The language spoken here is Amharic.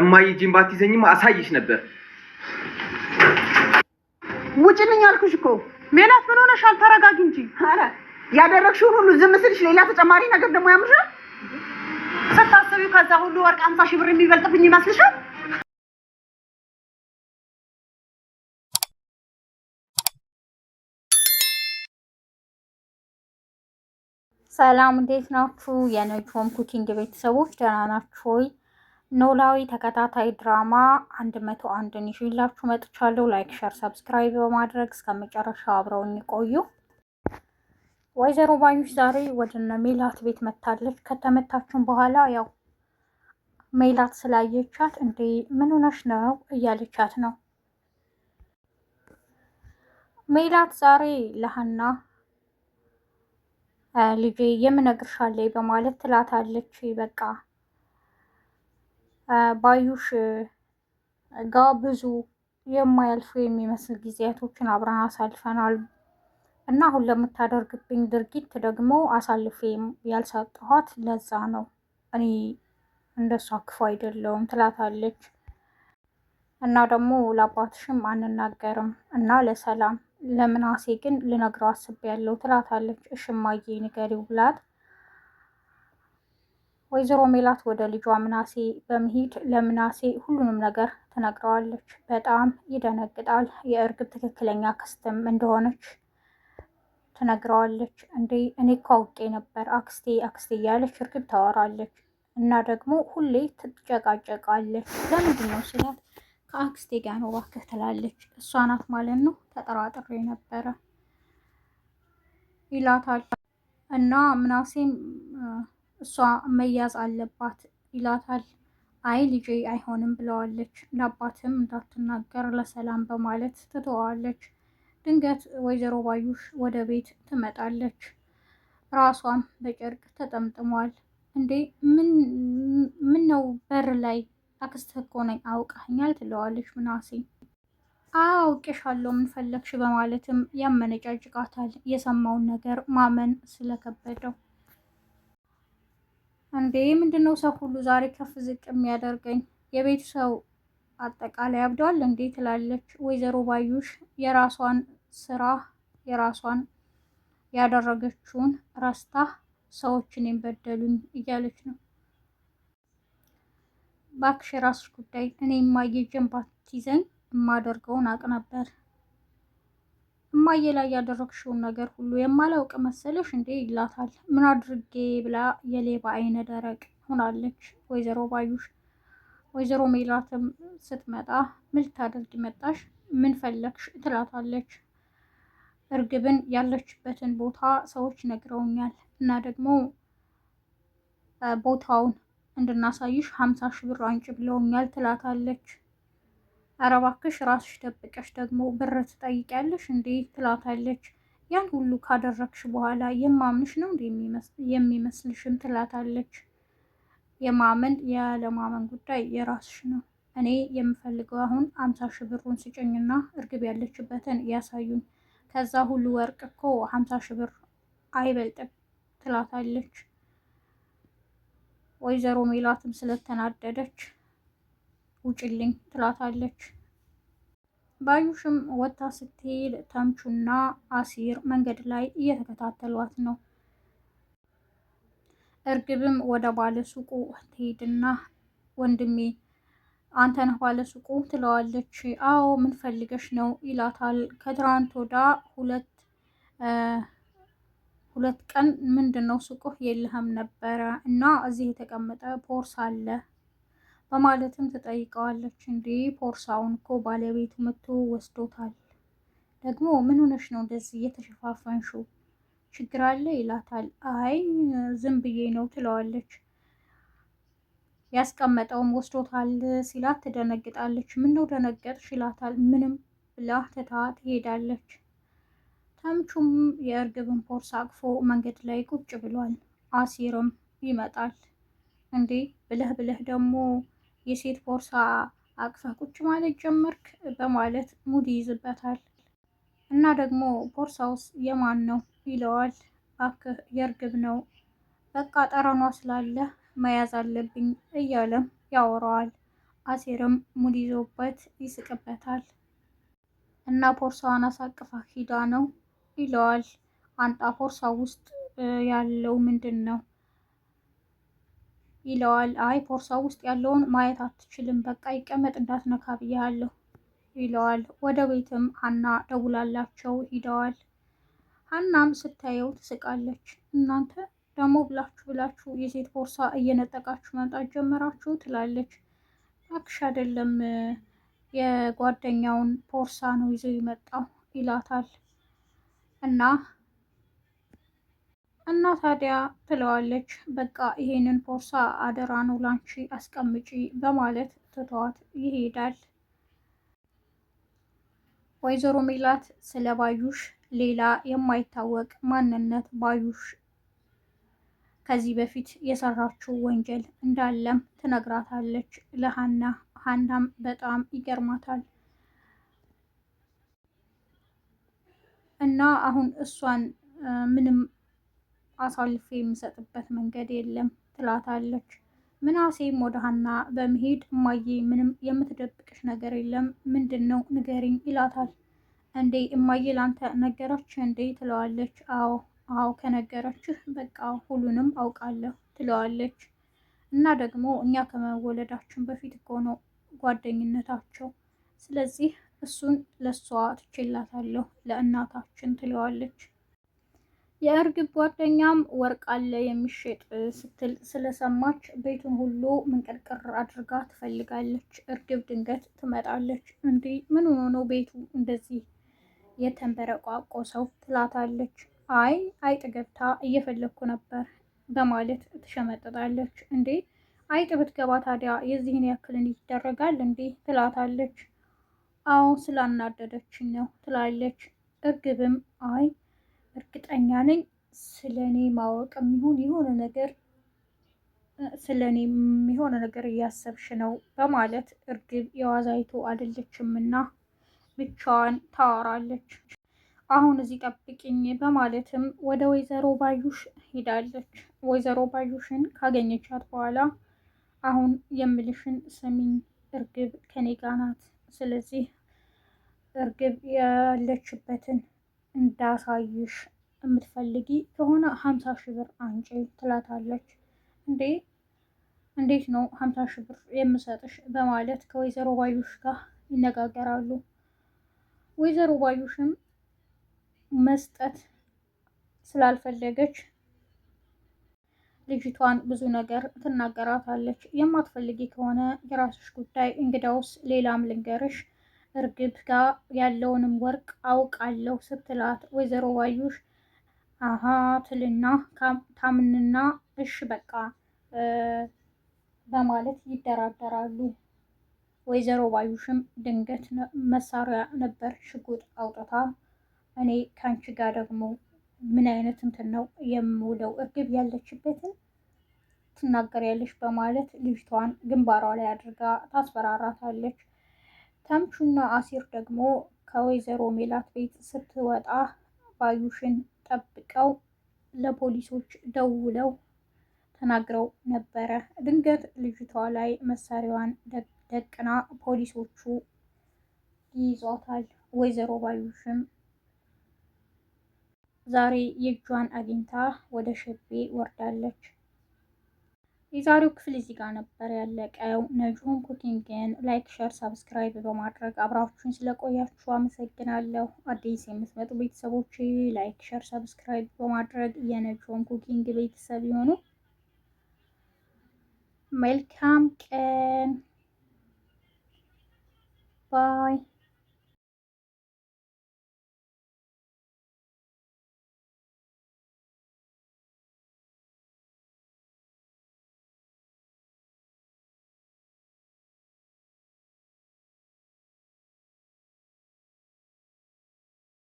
እማዬ ጂን ይዘኝም አሳይሽ ነበር። ውጭልኝ አልኩሽ እኮ ሜላት። ምን ሆነሻል? ተረጋጊ እንጂ። አረ ያደረግሽውን ሁሉ ዝም ስልሽ ሌላ ተጨማሪ ነገር ደግሞ ያምርሻል። ስታስቢው ከዛ ሁሉ ወርቅ አምሳ ሺህ ብር የሚበልጥብኝ ይመስልሻል? ሰላም እንዴት ናችሁ? የነጆም ኩኪንግ ቤተሰቦች ደህና ናችሁ ወይ? ኖላዊ ተከታታይ ድራማ 101ን ይዤላችሁ መጥቻለሁ። ላይክ፣ ሸር፣ ሰብስክራይብ በማድረግ እስከ መጨረሻው አብረውኝ ቆዩ። ወይዘሮ ባዩሽ ዛሬ ወደነ ሜላት ቤት መታለች። ከተመታችን በኋላ ያው ሜላት ስላየቻት እንዴ ምን ሆነሽ ነው እያለቻት ነው። ሜላት ዛሬ ለሀና ልጄ የምነግርሻለሁ በማለት ትላታለች። በቃ ባዩሽ ጋ ብዙ የማያልፉ የሚመስል ጊዜያቶችን አብረን አሳልፈናል እና አሁን ለምታደርግብኝ ድርጊት ደግሞ አሳልፌ ያልሰጠኋት ለዛ ነው። እኔ እንደሷ ክፉ አይደለውም ትላታለች። እና ደግሞ ለአባትሽም አንናገርም እና ለሰላም ለምናሴ ግን ልነግረው አስቤያለሁ ትላታለች። እሽማዬ ንገሪው ብላት ወይዘሮ ሜላት ወደ ልጇ ምናሴ በመሄድ ለምናሴ ሁሉንም ነገር ትነግረዋለች። በጣም ይደነግጣል። የእርግብ ትክክለኛ ክስትም እንደሆነች ትነግረዋለች። እንዴ እኔ እኮ አውቄ ነበር አክስቴ አክስቴ እያለች እርግብ ታወራለች። እና ደግሞ ሁሌ ትጨቃጨቃለች። ለምንድን ነው ስላት ከአክስቴ ጋር ነው እባክህ ትላለች። እሷ ናት ማለት ነው ተጠራጥሬ ነበረ ይላታል። እና ምናሴም እሷ መያዝ አለባት ይላታል። አይ ልጄ አይሆንም ብለዋለች፣ ለአባትም እንዳትናገር ለሰላም በማለት ትተዋዋለች። ድንገት ወይዘሮ ባዩሽ ወደ ቤት ትመጣለች። ራሷም በጨርቅ ተጠምጥሟል። እንዴ ምን ነው በር ላይ አክስትህ እኮ ነኝ አውቃኛል ትለዋለች። ምናሴ አውቄሻለሁ ምን ፈለግሽ በማለትም ያመነጫጭቃታል። የሰማውን ነገር ማመን ስለከበደው እንዴ ምንድነው ሰው ሁሉ ዛሬ ከፍ ዝቅ የሚያደርገኝ? የቤቱ ሰው አጠቃላይ አብደዋል እንዴ ትላለች ወይዘሮ ባዩሽ የራሷን ስራ የራሷን ያደረገችውን ረስታ ሰዎችን የበደሉኝ እያለች ነው። ባክሽ የራስሽ ጉዳይ። እኔ ማየጀንባት ይዘኝ የማደርገውን አቅ ነበር እማዬ ላይ ያደረግሽውን ነገር ሁሉ የማላውቅ መሰለሽ እንዴ ይላታል። ምን አድርጌ ብላ የሌባ አይነ ደረቅ ሆናለች ወይዘሮ ባዩሽ። ወይዘሮ ሜላትም ስትመጣ ምን ታደርጊ መጣሽ? ምን ፈለግሽ? ትላታለች። እርግብን ያለችበትን ቦታ ሰዎች ነግረውኛል እና ደግሞ ቦታውን እንድናሳይሽ ሀምሳ ሺህ ብር አንጭ ብለውኛል ትላታለች። ኧረ እባክሽ ራስሽ ደብቀሽ ደግሞ ብር ትጠይቂያለሽ እንዴ ትላታለች። ያን ሁሉ ካደረግሽ በኋላ የማምንሽ ነው እንዴ የሚመስልሽም ትላታለች። የማመን ያለማመን ጉዳይ የራስሽ ነው። እኔ የምፈልገው አሁን አምሳ ሺህ ብሩን ስጭኝና እርግብ ያለችበትን ያሳዩኝ። ከዛ ሁሉ ወርቅ እኮ ሀምሳ ሺህ ብር አይበልጥም ትላታለች። ወይዘሮ ሜላትም ስለተናደደች ውጭልኝ ትላታለች። ባዩሽም ወጥታ ስትሄድ ተምቹና አሲር መንገድ ላይ እየተከታተሏት ነው። እርግብም ወደ ባለ ሱቁ ትሄድና ወንድሜ አንተ ነህ ባለ ሱቁ ትለዋለች። አዎ ምን ፈልገሽ ነው ይላታል። ከትራንት ወዳ ሁለት ሁለት ቀን ምንድን ነው ሱቁህ የለህም ነበረ እና እዚህ የተቀመጠ ቦርሳ አለ በማለትም ትጠይቀዋለች። እንዴ ፖርሳውን እኮ ባለቤቱ መጥቶ ወስዶታል። ደግሞ ምን ሆነሽ ነው እንደዚህ እየተሸፋፈንሽው? ችግር አለ ይላታል። አይ ዝም ብዬ ነው ትለዋለች። ያስቀመጠውም ወስዶታል ሲላት ትደነግጣለች። ነው ደነገጥሽ ይላታል። ምንም ብላ ትታ ትሄዳለች። ተምቹም የእርግብን ቦርሳ አቅፎ መንገድ ላይ ቁጭ ብሏል። አሲርም ይመጣል። እንዴ ብለህ ብለህ ደግሞ የሴት ቦርሳ አቅፈ ቁጭ ማለት ጀመርክ በማለት ሙድ ይይዝበታል። እና ደግሞ ቦርሳውስ የማን ነው ይለዋል። እባክህ የእርግብ ነው፣ በቃ ጠረኗ ስላለ መያዝ አለብኝ እያለም ያወራዋል። አሴርም ሙድ ይዞበት ይስቅበታል። እና ቦርሳዋን አሳቅፋ ሂዳ ነው ይለዋል። አንጣ ቦርሳ ውስጥ ያለው ምንድን ነው ይለዋል። አይ ቦርሳ ውስጥ ያለውን ማየት አትችልም፣ በቃ ይቀመጥ እንዳትነካ ብያለሁ ይለዋል። ወደ ቤትም ሀና ደውላላቸው ሂደዋል። ሀናም ስታየው ትስቃለች። እናንተ ደግሞ ብላችሁ ብላችሁ የሴት ቦርሳ እየነጠቃችሁ መምጣት ጀመራችሁ ትላለች። አክሽ አይደለም የጓደኛውን ቦርሳ ነው ይዘው ይመጣው ይላታል እና እና ታዲያ ትለዋለች። በቃ ይሄንን ቦርሳ አደራ ነው ላንቺ አስቀምጪ በማለት ትቷት ይሄዳል። ወይዘሮ ሜላት ስለ ባዩሽ ሌላ የማይታወቅ ማንነት ባዩሽ ከዚህ በፊት የሰራችው ወንጀል እንዳለም ትነግራታለች ለሀና። ሀናም በጣም ይገርማታል እና አሁን እሷን ምንም አሳልፌ የምሰጥበት መንገድ የለም ትላታለች። ምናሴም ወደ ሀና በመሄድ እማዬ ምንም የምትደብቅሽ ነገር የለም ምንድን ነው ንገሪኝ ይላታል። እንዴ እማዬ ላንተ ነገረች እንዴ ትለዋለች። አዎ አዎ ከነገረችህ በቃ ሁሉንም አውቃለሁ ትለዋለች። እና ደግሞ እኛ ከመወለዳችን በፊት እኮ ነው ጓደኝነታቸው። ስለዚህ እሱን ለእሷ ትችላታለሁ ለእናታችን ትለዋለች። የእርግብ ጓደኛም ወርቅ አለ የሚሸጥ ስትል ስለሰማች ቤቱን ሁሉ ምንቅርቅር አድርጋ ትፈልጋለች። እርግብ ድንገት ትመጣለች። እንዲ ምን ሆኖ ቤቱ እንደዚህ የተንበረቋቆ ሰው ትላታለች። አይ አይጥ ገብታ እየፈለግኩ ነበር በማለት ትሸመጥጣለች። እንዴ አይጥ ብትገባ ታዲያ የዚህን ያክልን ይደረጋል እንዴ? ትላታለች። አዎ ስላናደደችኝ ነው ትላለች። እርግብም አይ እርግጠኛ ነኝ ስለ እኔ ማወቅም የሆነ ነገር ስለ እኔ የሆነ ነገር እያሰብሽ ነው በማለት እርግብ የዋዛይቱ አይደለችም እና ብቻዋን ታወራለች። አሁን እዚህ ጠብቅኝ በማለትም ወደ ወይዘሮ ባዩሽ ሄዳለች። ወይዘሮ ባዩሽን ካገኘቻት በኋላ አሁን የምልሽን ስሚኝ፣ እርግብ ከኔ ጋር ናት። ስለዚህ እርግብ ያለችበትን እንዳሳይሽ የምትፈልጊ ከሆነ ሀምሳ ሺ ብር አንጪ ትላታለች። እንዴ እንዴት ነው ሀምሳ ሺ ብር የምሰጥሽ? በማለት ከወይዘሮ ባዩሽ ጋር ይነጋገራሉ። ወይዘሮ ባዩሽም መስጠት ስላልፈለገች ልጅቷን ብዙ ነገር ትናገራታለች። የማትፈልጊ ከሆነ የራስሽ ጉዳይ፣ እንግዳውስ ሌላም ልንገርሽ እርግብ ጋር ያለውንም ወርቅ አውቃለሁ ስትላት ወይዘሮ ባዩሽ አሀ ትልና ታምንና እሽ በቃ በማለት ይደራደራሉ። ወይዘሮ ባዩሽም ድንገት መሳሪያ ነበር ሽጉጥ አውጥታ እኔ ከአንቺ ጋር ደግሞ ምን አይነት እንትን ነው የምውለው እርግብ ያለችበትን ያለች በማለት ልጅቷን ግንባሯ ላይ አድርጋ ታስፈራራታለች። ተምቹና አሲር ደግሞ ከወይዘሮ ሜላት ቤት ስትወጣ ባዩሽን ጠብቀው ለፖሊሶች ደውለው ተናግረው ነበረ። ድንገት ልጅቷ ላይ መሳሪያዋን ደቅና ፖሊሶቹ ይዟታል። ወይዘሮ ባዩሽም ዛሬ የእጇን አግኝታ ወደ ሸቤ ወርዳለች። የዛሬው ክፍል እዚህ ጋር ነበር ያለቀው። ነጅሁም ኩኪንግን ላይክ፣ ሸር፣ ሳብስክራይብ በማድረግ አብራችሁን ስለቆያችሁ አመሰግናለሁ። አዲስ የምትመጡ ቤተሰቦች ላይክ፣ ሸር፣ ሳብስክራይብ በማድረግ የነጅሁም ኩኪንግ ቤተሰብ የሆኑ መልካም ቀን ባይ